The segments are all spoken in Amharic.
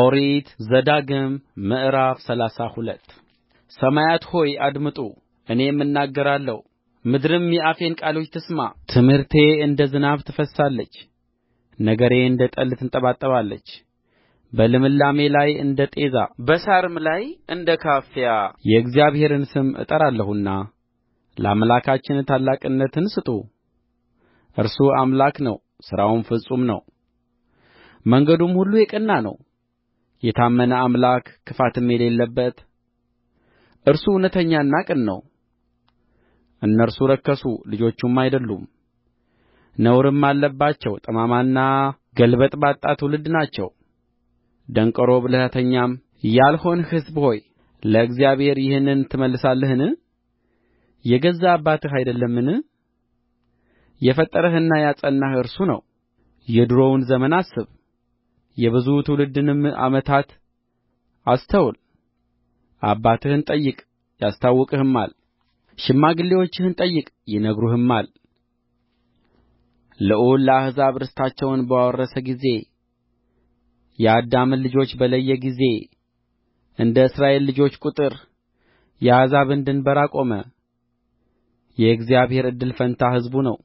ኦሪት ዘዳግም ምዕራፍ ሰላሳ ሁለት ሰማያት ሆይ አድምጡ እኔም እናገራለሁ ምድርም የአፌን ቃሎች ትስማ ትምህርቴ እንደ ዝናብ ትፈስሳለች ነገሬ እንደ ጠል ትንጠባጠባለች በልምላሜ ላይ እንደ ጤዛ በሣርም ላይ እንደ ካፊያ የእግዚአብሔርን ስም እጠራለሁና ለአምላካችን ታላቅነትን ስጡ እርሱ አምላክ ነው ሥራውም ፍጹም ነው መንገዱም ሁሉ የቀና ነው የታመነ አምላክ ክፋትም የሌለበት እርሱ እውነተኛና ቅን ነው እነርሱ ረከሱ ልጆቹም አይደሉም ነውርም አለባቸው ጠማማና ገልበጥባጣ ትውልድ ናቸው ደንቆሮ ብልሃተኛም ያልሆንህ ሕዝብ ሆይ ለእግዚአብሔር ይህንን ትመልሳለህን የገዛ አባትህ አይደለምን የፈጠረህና ያጸናህ እርሱ ነው የዱሮውን ዘመን አስብ የብዙ ትውልድንም ዓመታት አስተውል አባትህን ጠይቅ ያስታውቅህማል ሽማግሌዎችህን ጠይቅ ይነግሩህማል ልዑል ለአሕዛብ ርስታቸውን ባወረሰ ጊዜ የአዳምን ልጆች በለየ ጊዜ እንደ እስራኤል ልጆች ቍጥር የአሕዛብን ድንበር አቆመ። የእግዚአብሔር እድል ፈንታ ሕዝቡ ነው፣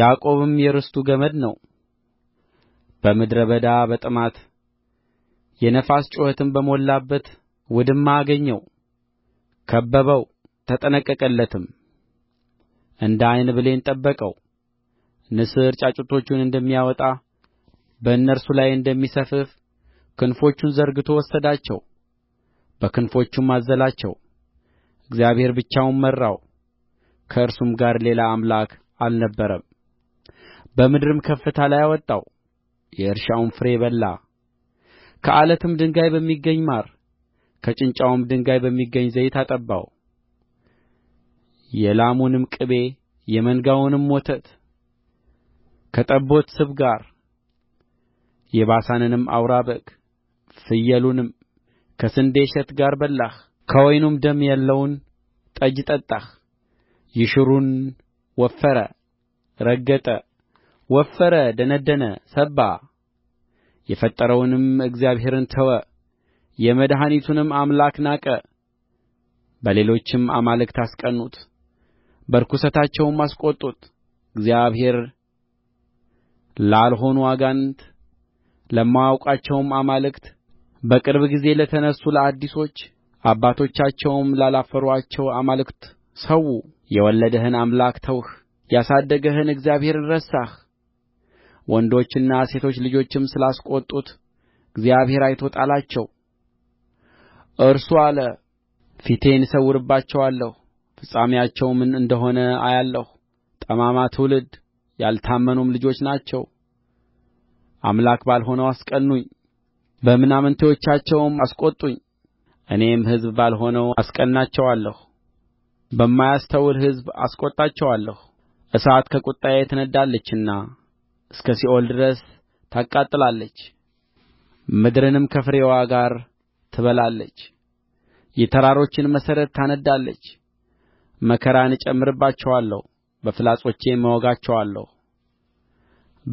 ያዕቆብም የርስቱ ገመድ ነው። በምድረ በዳ በጥማት የነፋስ ጩኸትም በሞላበት ውድማ አገኘው ከበበው ተጠነቀቀለትም እንደ ዓይን ብሌን ጠበቀው ንስር ጫጩቶቹን እንደሚያወጣ በእነርሱ ላይ እንደሚሰፍፍ ክንፎቹን ዘርግቶ ወሰዳቸው በክንፎቹም አዘላቸው እግዚአብሔር ብቻውን መራው ከእርሱም ጋር ሌላ አምላክ አልነበረም በምድርም ከፍታ ላይ አወጣው የእርሻውን ፍሬ በላ ከዓለትም ድንጋይ በሚገኝ ማር ከጭንጫውም ድንጋይ በሚገኝ ዘይት አጠባው የላሙንም ቅቤ የመንጋውንም ወተት ከጠቦት ስብ ጋር የባሳንንም አውራ በግ ፍየሉንም ከስንዴ እሸት ጋር በላህ። ከወይኑም ደም ያለውን ጠጅ ጠጣህ። ይሹሩን ወፈረ፣ ረገጠ፣ ወፈረ ደነደነ ሰባ የፈጠረውንም እግዚአብሔርን ተወ የመድኃኒቱንም አምላክ ናቀ በሌሎችም አማልክት አስቀኑት በርኵሰታቸውም አስቈጡት እግዚአብሔር ላልሆኑ አጋንንት ለማያውቋቸውም አማልክት በቅርብ ጊዜ ለተነሡ ለአዲሶች አባቶቻቸውም ላላፈሯቸው አማልክት ሠዉ የወለደህን አምላክ ተውህ ያሳደገህን እግዚአብሔርን ረሳህ ወንዶችና ሴቶች ልጆችም ስላስቈጡት እግዚአብሔር አይቶ ጣላቸው እርሱ አለ ፊቴን እሰውርባቸዋለሁ ፍጻሜያቸው ምን እንደሆነ አያለሁ ጠማማ ትውልድ ያልታመኑም ልጆች ናቸው አምላክ ባልሆነው አስቀኑኝ በምናምንቴዎቻቸውም አስቈጡኝ እኔም ሕዝብ ባልሆነው አስቀናቸዋለሁ በማያስተውል ሕዝብ አስቈጣቸዋለሁ እሳት ከቍጣዬ ትነድዳለችና እስከ ሲኦል ድረስ ታቃጥላለች ምድርንም ከፍሬዋ ጋር ትበላለች የተራሮችን መሠረት ታነድዳለች መከራን እጨምርባቸዋለሁ በፍላጾቼም እወጋቸዋለሁ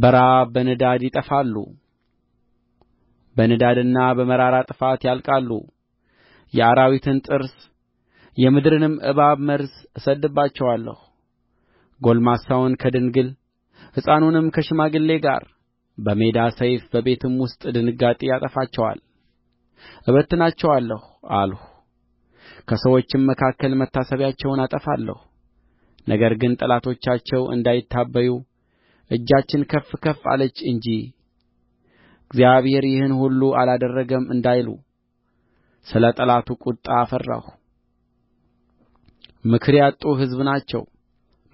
በራብ በንዳድ ይጠፋሉ በንዳድና በመራራ ጥፋት ያልቃሉ የአራዊትን ጥርስ የምድርንም እባብ መርዝ እሰድድባቸዋለሁ ጕልማሳውን ከድንግል ሕፃኑንም ከሽማግሌ ጋር በሜዳ ሰይፍ በቤትም ውስጥ ድንጋጤ ያጠፋቸዋል እበትናቸዋለሁ አልሁ ከሰዎችም መካከል መታሰቢያቸውን አጠፋለሁ ነገር ግን ጠላቶቻቸው እንዳይታበዩ እጃችን ከፍ ከፍ አለች እንጂ እግዚአብሔር ይህን ሁሉ አላደረገም እንዳይሉ ስለ ጠላቱ ቍጣ አፈራሁ። ምክር ያጡ ሕዝብ ናቸው፣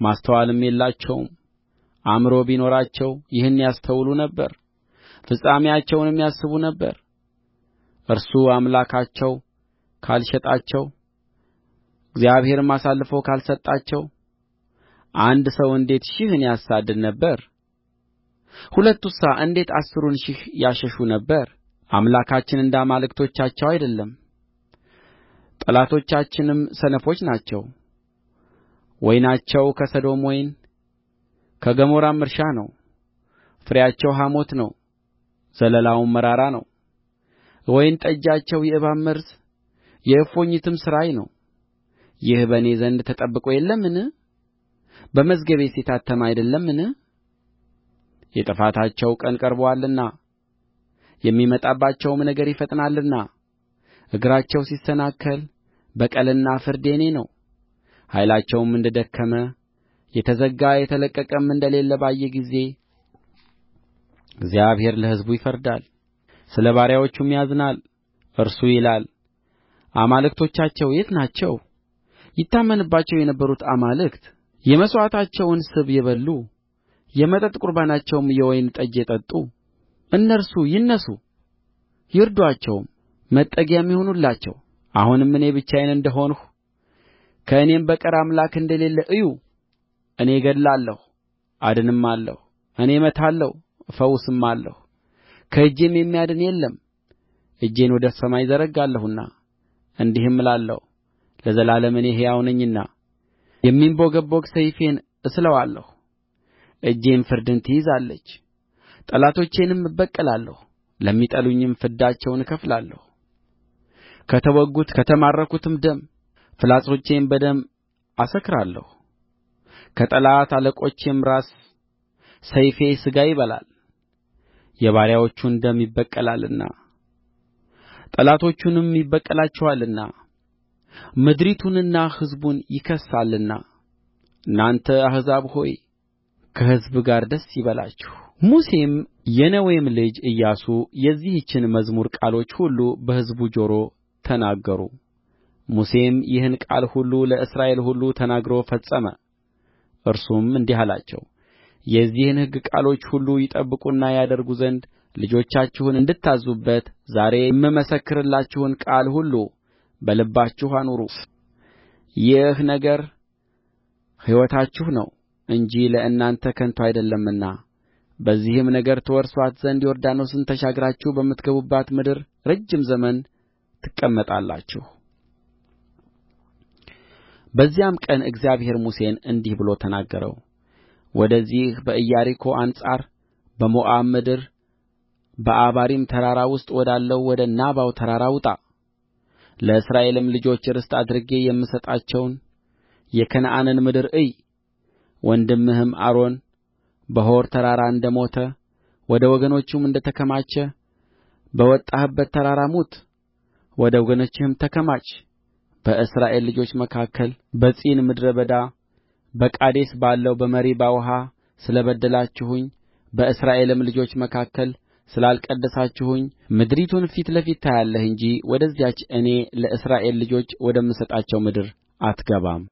ማስተዋልም የላቸውም። አእምሮ ቢኖራቸው ይህን ያስተውሉ ነበር ፍጻሜአቸውንም ያስቡ ነበር እርሱ አምላካቸው ካልሸጣቸው እግዚአብሔርም አሳልፎ ካልሰጣቸው አንድ ሰው እንዴት ሺህን ያሳድድ ነበር ሁለቱሳ እንዴት አሥሩን ሺህ ያሸሹ ነበር አምላካችን እንደ አማልክቶቻቸው አይደለም ጠላቶቻችንም ሰነፎች ናቸው ወይናቸው ከሰዶም ወይን ከገሞራም እርሻ ነው ፍሬያቸው ሐሞት ነው ዘለላውም መራራ ነው የወይን ጠጃቸው የእባብ መርዝ የእፉኝትም ሥራይ ነው ይህ በእኔ ዘንድ ተጠብቆ የለምን በመዝገቤስ የታተመ አይደለምን የጥፋታቸው ቀን ቀርቦአልና የሚመጣባቸውም ነገር ይፈጥናልና እግራቸው ሲሰናከል በቀልና ፍርድ የእኔ ነው ኃይላቸውም እንደ ደከመ የተዘጋ የተለቀቀም እንደሌለ ባየ ጊዜ እግዚአብሔር ለሕዝቡ ይፈርዳል ስለ ባሪያዎቹም ያዝናል እርሱ ይላል አማልክቶቻቸው የት ናቸው ይታመንባቸው የነበሩት አማልክት የመሥዋዕታቸውን ስብ የበሉ የመጠጥ ቍርባናቸውም የወይን ጠጅ የጠጡ እነርሱ ይነሡ ይርዱአቸውም መጠጊያም ይሁኑላቸው አሁንም እኔ ብቻዬን እንደ ሆንሁ ከእኔም በቀር አምላክ እንደሌለ እዩ እኔ እገድላለሁ አድንማለሁ እኔ እመታለሁ እፈውስማለሁ ከእጄም የሚያድን የለም እጄን ወደ ሰማይ እዘረጋለሁና እንዲህም እላለሁ ለዘላለም እኔ ሕያው ነኝና የሚንቦገቦግ ሰይፌን እስለዋለሁ እጄም ፍርድን ትይዛለች ጠላቶቼንም እበቀላለሁ ለሚጠሉኝም ፍዳቸውን እከፍላለሁ ከተወጉት ከተማረኩትም ደም ፍላጾቼን በደም አሰክራለሁ ከጠላት አለቆችም ራስ ሰይፌ ሥጋ ይበላል የባሪያዎቹን ደም ይበቀላልና ጠላቶቹንም ይበቀላቸዋልና ምድሪቱንና ሕዝቡን ይክሳልና እናንተ አሕዛብ ሆይ ከሕዝብ ጋር ደስ ይበላችሁ ሙሴም የነዌም ልጅ ኢያሱ የዚህችን መዝሙር ቃሎች ሁሉ በሕዝቡ ጆሮ ተናገሩ ሙሴም ይህን ቃል ሁሉ ለእስራኤል ሁሉ ተናግሮ ፈጸመ እርሱም እንዲህ አላቸው የዚህን ሕግ ቃሎች ሁሉ ይጠብቁና ያደርጉ ዘንድ ልጆቻችሁን እንድታዝዙበት ዛሬ የምመሰክርላችሁን ቃል ሁሉ በልባችሁ አኑሩ ይህ ነገር ሕይወታችሁ ነው እንጂ ለእናንተ ከንቱ አይደለምና በዚህም ነገር ትወርሱአት ዘንድ ዮርዳኖስን ተሻግራችሁ በምትገቡባት ምድር ረጅም ዘመን ትቀመጣላችሁ በዚያም ቀን እግዚአብሔር ሙሴን እንዲህ ብሎ ተናገረው ወደዚህ በኢያሪኮ አንጻር በሞዓብ ምድር በዓባሪም ተራራ ውስጥ ወዳለው ወደ ናባው ተራራ ውጣ ለእስራኤልም ልጆች ርስት አድርጌ የምሰጣቸውን የከነዓንን ምድር እይ ወንድምህም አሮን በሖር ተራራ እንደ ሞተ ወደ ወገኖቹም እንደ ተከማቸ በወጣህበት ተራራ ሙት ወደ ወገኖችህም ተከማች በእስራኤል ልጆች መካከል በጺን ምድረ በዳ በቃዴስ ባለው በመሪባ ውኃ ስለ በደላችሁኝ በእስራኤልም ልጆች መካከል ስላልቀደሳችሁኝ ምድሪቱን ፊት ለፊት ታያለህ እንጂ ወደዚያች እኔ ለእስራኤል ልጆች ወደምሰጣቸው ምድር አትገባም